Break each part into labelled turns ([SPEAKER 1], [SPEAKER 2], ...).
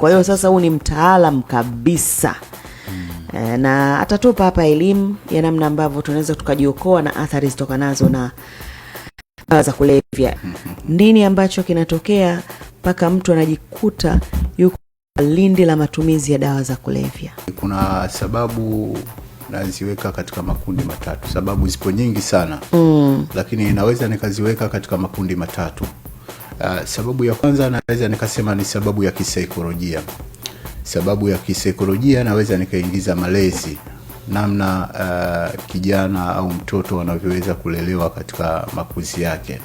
[SPEAKER 1] Kwa hiyo sasa huu ni mtaalam kabisa hmm. eh, na atatupa hapa elimu ya namna ambavyo tunaweza tukajiokoa na athari zitokanazo na dawa za kulevya. Nini ambacho kinatokea mpaka mtu anajikuta yuko lindi la matumizi ya dawa za kulevya?
[SPEAKER 2] Kuna sababu naziweka katika makundi matatu, sababu zipo nyingi sana mm. lakini naweza nikaziweka katika makundi matatu. Uh, sababu ya kwanza naweza nikasema ni sababu ya kisaikolojia. Sababu ya kisaikolojia naweza nikaingiza malezi, namna uh, kijana au mtoto anavyoweza kulelewa katika makuzi yake.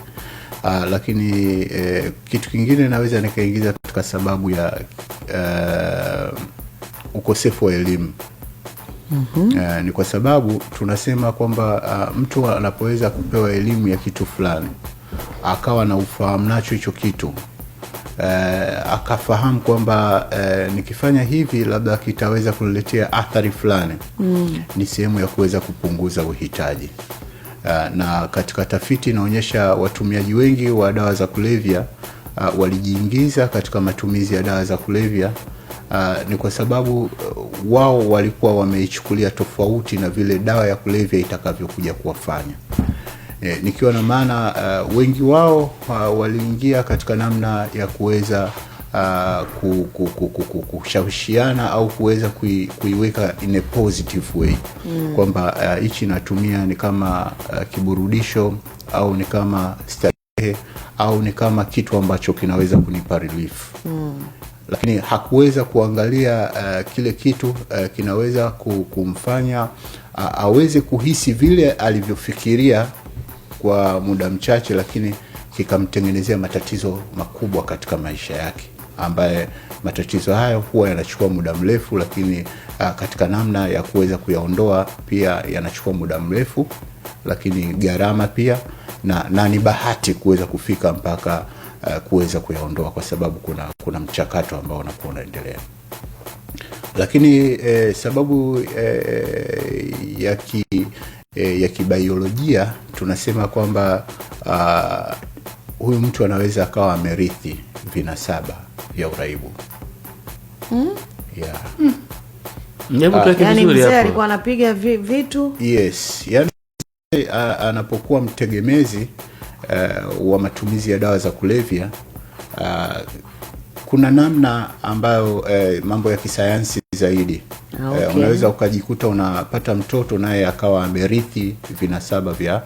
[SPEAKER 2] Uh, lakini eh, kitu kingine naweza nikaingiza katika sababu ya uh, ukosefu wa elimu. Mm -hmm. Uh, ni kwa sababu tunasema kwamba uh, mtu anapoweza kupewa elimu ya kitu fulani akawa na ufahamu nacho hicho kitu e, akafahamu kwamba e, nikifanya hivi labda kitaweza kuniletea athari fulani mm. Ni sehemu ya kuweza kupunguza uhitaji uh, na katika tafiti inaonyesha watumiaji wengi wa dawa za kulevya Uh, walijiingiza katika matumizi ya dawa za kulevya uh, ni kwa sababu uh, wao walikuwa wameichukulia tofauti na vile dawa ya kulevya itakavyokuja kuwafanya e, nikiwa na maana uh, wengi wao uh, waliingia katika namna ya kuweza uh, kushawishiana au kuweza kui, kuiweka in a positive way mm. kwamba hichi uh, natumia ni kama uh, kiburudisho au ni kama starehe au ni kama kitu ambacho kinaweza kunipa relief mm lakini hakuweza kuangalia uh, kile kitu uh, kinaweza kumfanya uh, aweze kuhisi vile alivyofikiria kwa muda mchache, lakini kikamtengenezea matatizo makubwa katika maisha yake, ambaye matatizo hayo huwa yanachukua muda mrefu, lakini a, ah, katika namna ya kuweza kuyaondoa pia yanachukua muda mrefu, lakini gharama pia na, na ni bahati kuweza kufika mpaka uh, kuweza kuyaondoa kwa sababu kuna, kuna mchakato ambao unakuwa unaendelea. Lakini eh, sababu eh, ya ki e, ya kibaiolojia tunasema kwamba huyu mtu anaweza akawa amerithi vinasaba vya uraibu mm?
[SPEAKER 1] yeah. mm. Ah. Yani mzee alikuwa anapiga vitu
[SPEAKER 2] yes, yani anapokuwa mtegemezi uh, wa matumizi ya dawa za kulevya uh, kuna namna ambayo uh, mambo ya kisayansi zaidi Ah, eh, okay. Eh, unaweza ukajikuta unapata mtoto naye akawa amerithi vinasaba vya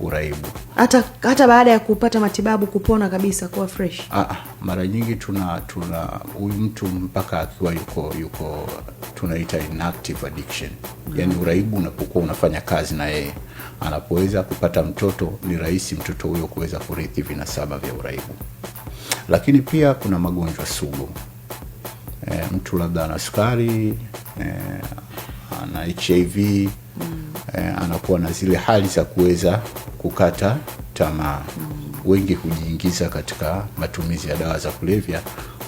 [SPEAKER 2] uraibu
[SPEAKER 1] hata hata baada ya kupata matibabu kupona kabisa kuwa fresh
[SPEAKER 2] ah, ah, mara nyingi tuna tuna huyu mtu mpaka akiwa yuko yuko tunaita inactive addiction mm. yaani uraibu unapokuwa unafanya kazi na yeye anapoweza kupata mtoto ni rahisi mtoto huyo kuweza kurithi vinasaba vya uraibu lakini pia kuna magonjwa sugu e, mtu labda ana sukari e, ana HIV mm. Eh, e, anakuwa na zile hali za kuweza kukata tamaa mm. Wengi hujiingiza katika matumizi ya dawa za kulevya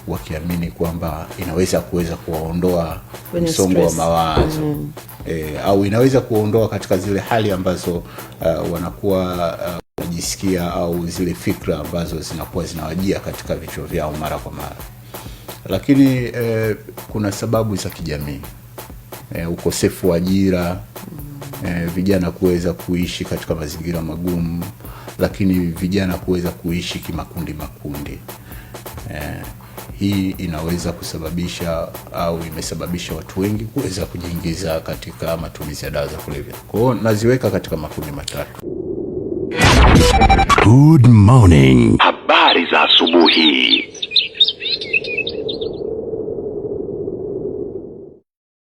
[SPEAKER 2] wakiamini kwamba inaweza kuweza kuwaondoa msongo wa mawazo mm. e, au inaweza kuwaondoa katika zile hali ambazo uh, wanakuwa uh, wanajisikia au zile fikra ambazo zinakuwa zinawajia katika vichwa vyao mara kwa mara lakini eh, kuna sababu za kijamii eh, ukosefu wa ajira eh, vijana kuweza kuishi katika mazingira magumu, lakini vijana kuweza kuishi kimakundi makundi eh, hii inaweza kusababisha au imesababisha watu wengi kuweza kujiingiza katika matumizi ya dawa za kulevya. Kwa hiyo naziweka katika makundi matatu. Good morning, habari za asubuhi.